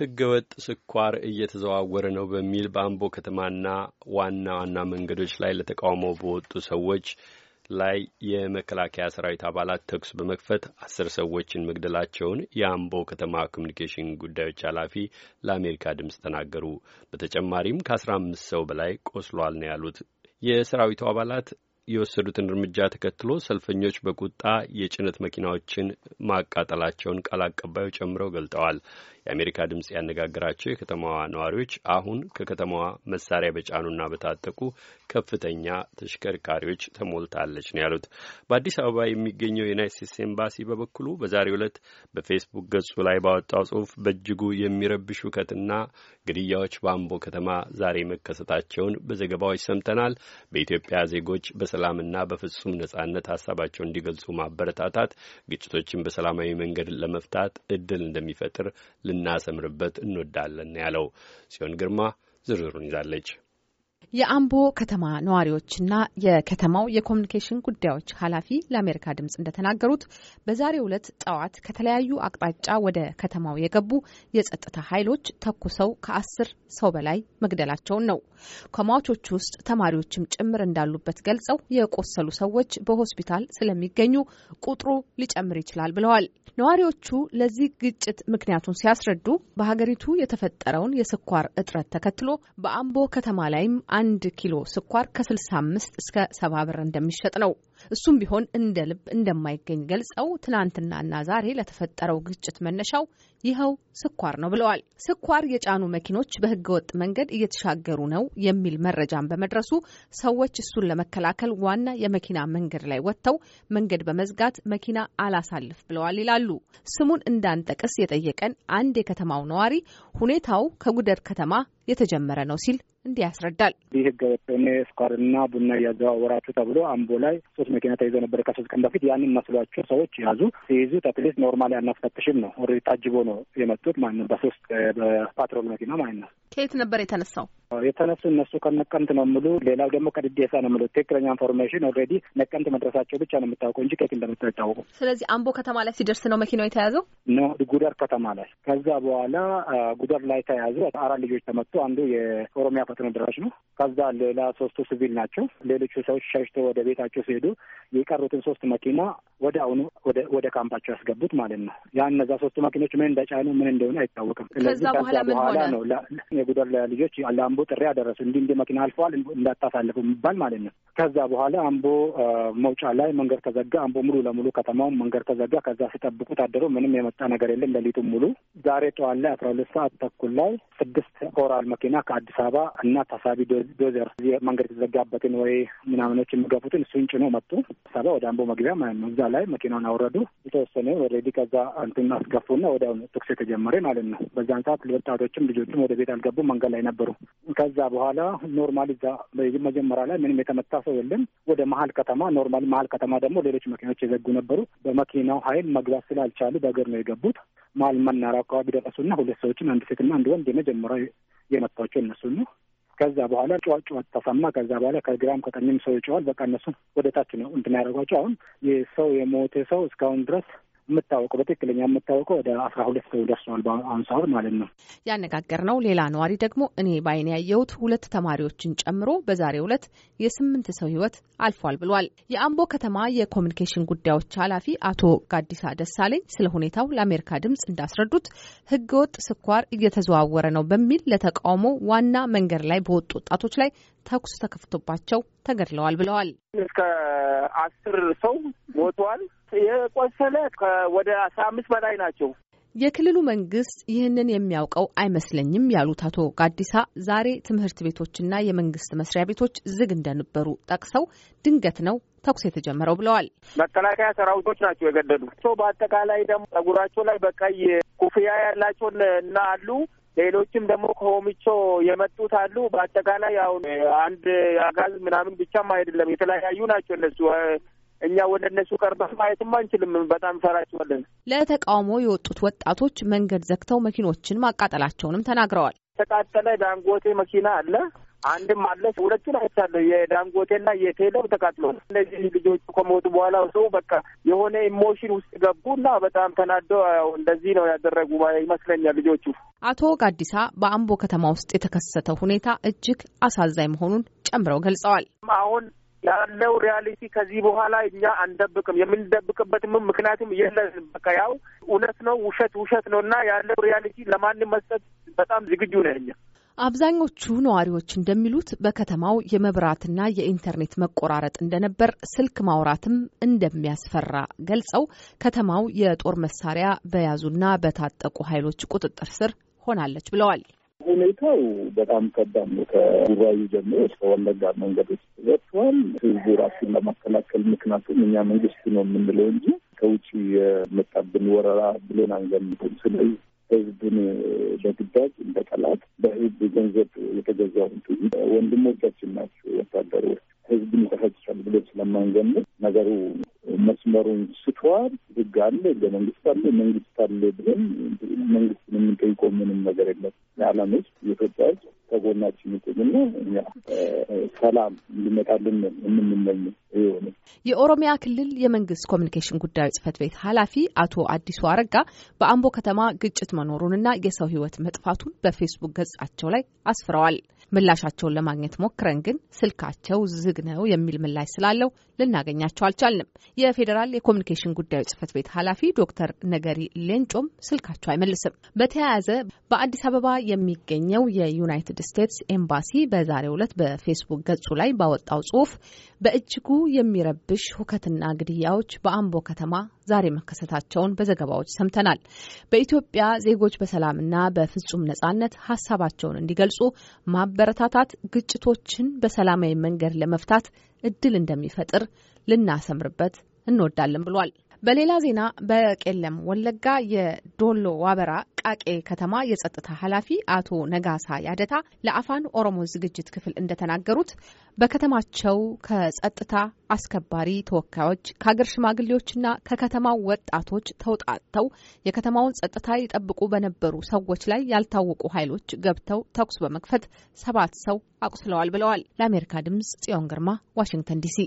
ህገወጥ ስኳር እየተዘዋወረ ነው በሚል በአምቦ ከተማና ዋና ዋና መንገዶች ላይ ለተቃውሞ በወጡ ሰዎች ላይ የመከላከያ ሰራዊት አባላት ተኩስ በመክፈት አስር ሰዎችን መግደላቸውን የአምቦ ከተማ ኮሚኒኬሽን ጉዳዮች ኃላፊ ለአሜሪካ ድምፅ ተናገሩ። በተጨማሪም ከአስራ አምስት ሰው በላይ ቆስሏል ነው ያሉት። የሰራዊቱ አባላት የወሰዱትን እርምጃ ተከትሎ ሰልፈኞች በቁጣ የጭነት መኪናዎችን ማቃጠላቸውን ቃል አቀባዩ ጨምረው ገልጠዋል። የአሜሪካ ድምፅ ያነጋገራቸው የከተማዋ ነዋሪዎች አሁን ከከተማዋ መሳሪያ በጫኑና በታጠቁ ከፍተኛ ተሽከርካሪዎች ተሞልታለች ነው ያሉት። በአዲስ አበባ የሚገኘው የዩናይት ስቴትስ ኤምባሲ በበኩሉ በዛሬው ዕለት በፌስቡክ ገጹ ላይ ባወጣው ጽሑፍ በእጅጉ የሚረብሽ ሁከትና ግድያዎች በአምቦ ከተማ ዛሬ መከሰታቸውን በዘገባዎች ሰምተናል። በኢትዮጵያ ዜጎች በሰላምና በፍጹም ነጻነት ሀሳባቸውን እንዲገልጹ ማበረታታት ግጭቶችን በሰላማዊ መንገድ ለመፍታት እድል እንደሚፈጥር ልን ልናሰምርበት እንወዳለን ያለው ሲሆን ግርማ ዝርዝሩን ይዛለች። የአምቦ ከተማ ነዋሪዎችና የከተማው የኮሚኒኬሽን ጉዳዮች ኃላፊ ለአሜሪካ ድምጽ እንደተናገሩት በዛሬው ዕለት ጠዋት ከተለያዩ አቅጣጫ ወደ ከተማው የገቡ የጸጥታ ኃይሎች ተኩሰው ከአስር ሰው በላይ መግደላቸውን ነው። ከሟቾቹ ውስጥ ተማሪዎችም ጭምር እንዳሉበት ገልጸው የቆሰሉ ሰዎች በሆስፒታል ስለሚገኙ ቁጥሩ ሊጨምር ይችላል ብለዋል። ነዋሪዎቹ ለዚህ ግጭት ምክንያቱን ሲያስረዱ በሀገሪቱ የተፈጠረውን የስኳር እጥረት ተከትሎ በአምቦ ከተማ ላይም አንድ ኪሎ ስኳር ከ65 እስከ 70 ብር እንደሚሸጥ ነው። እሱም ቢሆን እንደ ልብ እንደማይገኝ ገልጸው ትናንትናና ዛሬ ለተፈጠረው ግጭት መነሻው ይኸው ስኳር ነው ብለዋል። ስኳር የጫኑ መኪኖች በህገወጥ መንገድ እየተሻገሩ ነው የሚል መረጃን በመድረሱ ሰዎች እሱን ለመከላከል ዋና የመኪና መንገድ ላይ ወጥተው መንገድ በመዝጋት መኪና አላሳልፍ ብለዋል ይላሉ። ስሙን እንዳንጠቅስ የጠየቀን አንድ የከተማው ነዋሪ ሁኔታው ከጉደር ከተማ የተጀመረ ነው ሲል እንዲህ ያስረዳል። ይህ ህገወጥ ስኳርና ቡና እያዘዋወራችሁ ተብሎ አምቦ ላይ ሶስት መኪና ተይዞ ነበረ ከሶስት ቀን በፊት ያንን መስሏቸው ሰዎች ያዙ። ሲይዙት አትሊስት ኖርማል አናስፈትሽም ነው። ኦልሬዲ ታጅቦ ነው የመጡት ማለት ነው። በሶስት በፓትሮል መኪና ማለት ነው። ከየት ነበር የተነሳው? የተነሱ እነሱ ከነቀምት ነው ምሉ ሌላው ደግሞ ከድዴሳ ነው የሚሉ ትክክለኛ ኢንፎርሜሽን ኦልሬዲ ነቀምት መድረሳቸው ብቻ ነው የምታውቀው እንጂ ከየት እንደመጣ ስለዚህ አምቦ ከተማ ላይ ሲደርስ ነው መኪናው የተያዘው? ኖ ጉደር ከተማ ላይ። ከዛ በኋላ ጉደር ላይ ተያዙ። አራት ልጆች ተመቱ። አንዱ የኦሮሚያ ፈጥኖ ደራሽ ነው። ከዛ ሌላ ሶስቱ ሲቪል ናቸው። ሌሎቹ ሰዎች ሸሽቶ ወደ ቤታቸው ሲሄዱ የቀሩትን ሶስት መኪና ወደ አሁኑ ወደ ካምፓቸው ያስገቡት ማለት ነው። ያ እነዛ ሶስቱ መኪኖች ምን እንደጫኑ ምን እንደሆነ አይታወቅም። ከዛ በኋላ ነው የጉደር ልጆች ለአምቦ ጥሪ አደረሱ። እንዲህ እንዲህ መኪና አልፈዋል እንዳታሳልፉ የሚባል ማለት ነው። ከዛ በኋላ አምቦ መውጫ ላይ መንገድ ተዘጋ። አምቦ ሙሉ ለሙሉ ከተማውን መንገድ ተዘጋ። ከዛ ሲጠብቁ ታደሩ። ምንም የመጣ ነገር የለም። ሌሊቱን ሙሉ ዛሬ ጠዋት ላይ አስራ ሁለት ሰዓት ተኩል ላይ ስድስት ኦራል መኪና ከአዲስ አበባ እና ታሳቢ ዶዘር መንገድ የተዘጋበትን ወይ ምናምኖች የሚገፉትን እሱን ጭኖ መጡ። አዲስ ወደ አምቦ መግቢያ ማለት ነው። እዛ ላይ መኪናውን አውረዱ። የተወሰነ ኦልሬዲ ከዛ እንትን አስገፉና ወደ ተኩስ የተጀመረ ማለት ነው። በዛን ሰዓት ወጣቶችም ልጆችም ወደ ቤት አልገ እየገቡ መንገድ ላይ ነበሩ። ከዛ በኋላ ኖርማል እዛ መጀመሪያ ላይ ምንም የተመታ ሰው የለም። ወደ መሀል ከተማ ኖርማል፣ መሀል ከተማ ደግሞ ሌሎች መኪናዎች የዘጉ ነበሩ። በመኪናው ኃይል መግባት ስላልቻሉ በእግር ነው የገቡት። መሀል መናራ አካባቢ ደረሱና ሁለት ሰዎችን አንድ ሴትና አንድ ወንድ የመጀመሪያ የመታቸው እነሱ ነው። ከዛ በኋላ ጨዋ ጨዋት ተሰማ። ከዛ በኋላ ከግራም ከቀኝም ሰው ይጨዋል። በቃ እነሱ ወደ ታች ነው እንትን ያደረጓቸው። አሁን የሰው የሞተ ሰው እስካሁን ድረስ የምታወቀው በትክክለኛ የምታወቀው ወደ አስራ ሁለት ሰው ደርሰዋል በአሁኑ ሰዓት ማለት ነው። ነው ሌላ ነዋሪ ደግሞ እኔ በአይን ያየሁት ሁለት ተማሪዎችን ጨምሮ በዛሬው ዕለት የስምንት ሰው ህይወት አልፏል ብሏል። የአምቦ ከተማ የኮሚኒኬሽን ጉዳዮች ኃላፊ አቶ ጋዲሳ ደሳለኝ ስለ ሁኔታው ለአሜሪካ ድምጽ እንዳስረዱት ህገወጥ ስኳር እየተዘዋወረ ነው በሚል ለተቃውሞ ዋና መንገድ ላይ በወጡ ወጣቶች ላይ ተኩስ ተከፍቶባቸው ተገድለዋል ብለዋል። እስከ አስር ሰው ሞተዋል። የቆሰለ ወደ አስራ አምስት በላይ ናቸው። የክልሉ መንግስት ይህንን የሚያውቀው አይመስለኝም ያሉት አቶ ጋዲሳ ዛሬ ትምህርት ቤቶችና የመንግስት መስሪያ ቤቶች ዝግ እንደነበሩ ጠቅሰው ድንገት ነው ተኩስ የተጀመረው ብለዋል። መከላከያ ሰራዊቶች ናቸው የገደሉ። በአጠቃላይ ደግሞ ጸጉራቸው ላይ በቀይ ኩፍያ ያላቸውን እና አሉ ሌሎችም ደግሞ ከሆሚቾ የመጡት አሉ። በአጠቃላይ አሁን አንድ አጋዝ ምናምን ብቻም አይደለም፣ የተለያዩ ናቸው እነሱ እኛ ወደ እነሱ ቀርበን ማየትም አንችልም። በጣም ፈራችኋለን። ለተቃውሞ የወጡት ወጣቶች መንገድ ዘግተው መኪኖችን ማቃጠላቸውንም ተናግረዋል። የተቃጠለ ዳንጎቴ መኪና አለ። አንድም አለ ሁለቱን አይቻለሁ። የዳንጎቴና የቴለው ተቃጥሎ እነዚህ ልጆቹ ከሞቱ በኋላ ሰው በቃ የሆነ ኢሞሽን ውስጥ ገቡና በጣም ተናደው እንደዚህ ነው ያደረጉ ይመስለኛል ልጆቹ። አቶ ጋዲሳ በአምቦ ከተማ ውስጥ የተከሰተው ሁኔታ እጅግ አሳዛኝ መሆኑን ጨምረው ገልጸዋል። አሁን ያለው ሪያሊቲ ከዚህ በኋላ እኛ አንደብቅም። የምንደብቅበትም ምክንያቱም የለንም። በቃ ያው እውነት ነው፣ ውሸት ውሸት ነው እና ያለው ሪያሊቲ ለማንም መስጠት በጣም ዝግጁ ነን እኛ። አብዛኞቹ ነዋሪዎች እንደሚሉት በከተማው የመብራትና የኢንተርኔት መቆራረጥ እንደነበር፣ ስልክ ማውራትም እንደሚያስፈራ ገልጸው ከተማው የጦር መሳሪያ በያዙና በታጠቁ ኃይሎች ቁጥጥር ስር ሆናለች ብለዋል። ሁኔታው በጣም ከባድ ነው። ከጉራዩ ጀምሮ እስከ ወለጋ መንገዶች ተዘግተዋል። ህዝቡ ራሱን ለማከላከል ምክንያቱም እኛ መንግስት ነው የምንለው እንጂ ከውጭ የመጣብን ወረራ ብሎን አንገምትም። ስለዚህ ህዝብን በግዳጅ እንደ ጠላት በህዝብ ገንዘብ የተገዛውን ጥይት ወንድሞቻችን ናቸው ወታደሮች ህዝብን ይጠፈጭሻል ብሎ ስለማንገምት ነገሩ መስመሩን ስቷል። ህግ አለ፣ ህገ መንግስት አለ፣ መንግስት አለ ብለን መንግስትን የምንጠይቀው ምንም ነገር የለም። የዓለም ህዝብ የኢትዮጵያ ህዝብ ከጎናችን ይቁምና እኛ ሰላም እንዲመጣልን የምንመኝ የሆነ የኦሮሚያ ክልል የመንግስት ኮሚኒኬሽን ጉዳዮች ጽህፈት ቤት ኃላፊ አቶ አዲሱ አረጋ በአምቦ ከተማ ግጭት መኖሩንና የሰው ህይወት መጥፋቱን በፌስቡክ ገጻቸው ላይ አስፍረዋል። ምላሻቸውን ለማግኘት ሞክረን ግን ስልካቸው ዝግ ነው የሚል ምላሽ ስላለው ልናገኛቸው አልቻልንም። የፌዴራል የኮሚኒኬሽን ጉዳዮች ጽህፈት ቤት ኃላፊ ዶክተር ነገሪ ሌንጮም ስልካቸው አይመልስም። በተያያዘ በአዲስ አበባ የሚገኘው የዩናይትድ ስቴትስ ኤምባሲ በዛሬው ዕለት በፌስቡክ ገጹ ላይ ባወጣው ጽሁፍ በእጅጉ የሚረ የረብሽ ሁከትና ግድያዎች በአምቦ ከተማ ዛሬ መከሰታቸውን በዘገባዎች ሰምተናል። በኢትዮጵያ ዜጎች በሰላምና በፍጹም ነጻነት ሀሳባቸውን እንዲገልጹ ማበረታታት ግጭቶችን በሰላማዊ መንገድ ለመፍታት እድል እንደሚፈጥር ልናሰምርበት እንወዳለን ብሏል። በሌላ ዜና በቄለም ወለጋ የዶሎ ዋበራ የቃቄ ከተማ የጸጥታ ኃላፊ አቶ ነጋሳ ያደታ ለአፋን ኦሮሞ ዝግጅት ክፍል እንደተናገሩት በከተማቸው ከጸጥታ አስከባሪ ተወካዮች ከሀገር ሽማግሌዎችና ከከተማው ወጣቶች ተውጣጥተው የከተማውን ጸጥታ ይጠብቁ በነበሩ ሰዎች ላይ ያልታወቁ ኃይሎች ገብተው ተኩስ በመክፈት ሰባት ሰው አቁስለዋል ብለዋል። ለአሜሪካ ድምጽ ጽዮን ግርማ ዋሽንግተን ዲሲ